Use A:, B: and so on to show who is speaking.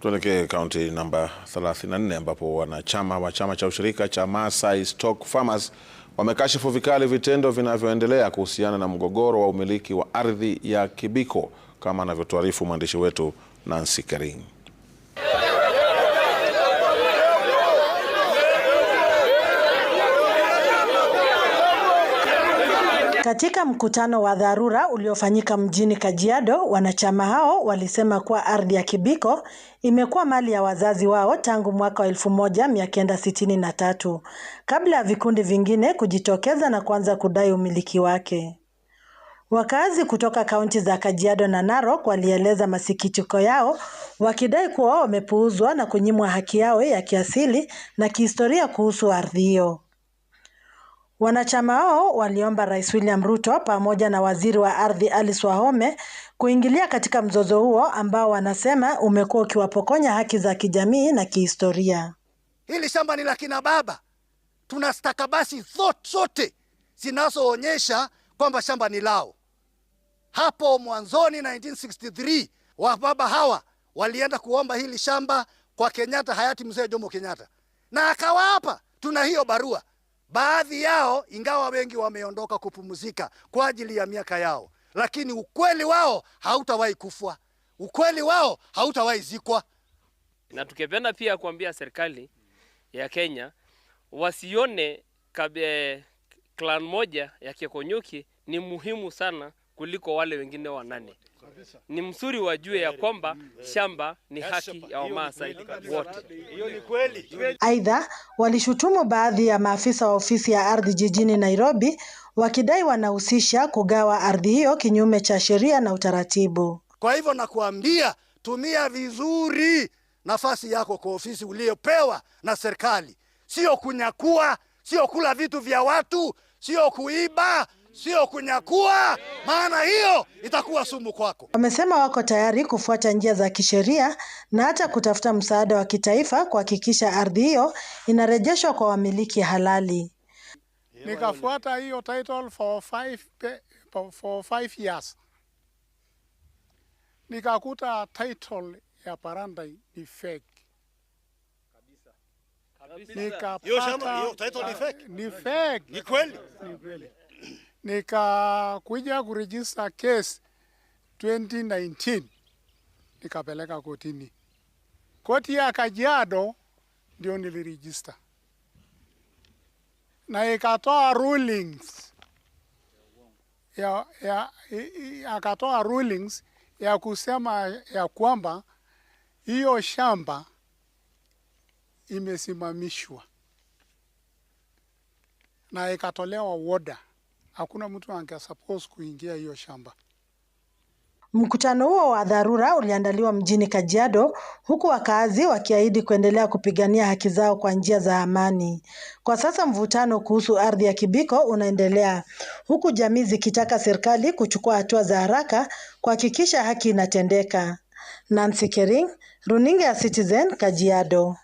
A: Tuelekee kaunti namba 34 ambapo wanachama wa chama cha ushirika cha Maasai Stock Farmers wamekashifu vikali vitendo vinavyoendelea kuhusiana na mgogoro wa umiliki wa ardhi ya Kibiko, kama anavyotuarifu mwandishi wetu Nancy Kering.
B: Katika mkutano wa dharura uliofanyika mjini Kajiado, wanachama hao walisema kuwa ardhi ya Kibiko imekuwa mali ya wazazi wao tangu mwaka wa 1963 kabla ya vikundi vingine kujitokeza na kuanza kudai umiliki wake. Wakazi kutoka kaunti za Kajiado na Narok walieleza masikitiko yao wakidai kuwa wamepuuzwa na kunyimwa haki yao ya kiasili na kihistoria kuhusu ardhi hiyo. Wanachama hao waliomba Rais William Ruto pamoja na Waziri wa Ardhi Alice Wahome kuingilia katika mzozo huo ambao wanasema umekuwa ukiwapokonya haki za kijamii na kihistoria.
C: Hili shamba ni la kina baba. Tuna stakabasi zote zinazoonyesha kwamba shamba ni lao. Hapo mwanzoni 1963 baba hawa walienda kuomba hili shamba kwa Kenyatta hayati mzee Jomo Kenyatta, na akawaapa. Tuna hiyo barua. Baadhi yao ingawa wengi wameondoka kupumzika kwa ajili ya miaka yao, lakini ukweli wao hautawahi kufwa, ukweli wao hautawahi zikwa.
D: Na tukipenda pia kuambia serikali ya Kenya wasione kabe, clan eh, moja ya Kekonyuki ni muhimu sana kuliko wale wengine wanane. Ni mzuri wajue ya kwamba shamba ni haki ya Wamaasai wote.
B: Aidha, walishutumu baadhi ya maafisa wa ofisi ya ardhi jijini Nairobi wakidai wanahusisha kugawa ardhi hiyo kinyume cha sheria na utaratibu.
C: Kwa hivyo nakuambia, tumia vizuri nafasi yako kwa ofisi uliyopewa na serikali, sio kunyakua, sio kula vitu vya watu, sio kuiba sio kunyakua, maana hiyo itakuwa sumu kwako.
B: Wamesema wako tayari kufuata njia za kisheria na hata kutafuta msaada wa kitaifa kuhakikisha ardhi hiyo inarejeshwa kwa wamiliki halali.
E: Nikafuata hiyo title for five, for five years nikakuta title ya Parandai ni fake.
C: Nikapata, yo shama, yo, title ni fake.
E: Ni fake.
C: Ni kweli. Ni kweli
E: nikakuja kurejista case 2019 nikapeleka kotini. Koti ya Kajiado ndio nilirejista na ikatoa rulings ya, ya, akatoa rulings ya kusema ya kwamba hiyo shamba imesimamishwa na ikatolewa woda hakuna mtu angesuppose kuingia hiyo shamba.
B: Mkutano huo wa dharura uliandaliwa mjini Kajiado huku wakaazi wakiahidi kuendelea kupigania haki zao kwa njia za amani. Kwa sasa mvutano kuhusu ardhi ya Kibiko unaendelea huku jamii zikitaka serikali kuchukua hatua za haraka kuhakikisha haki inatendeka. Nancy Kering, Runinga ya Citizen, Kajiado.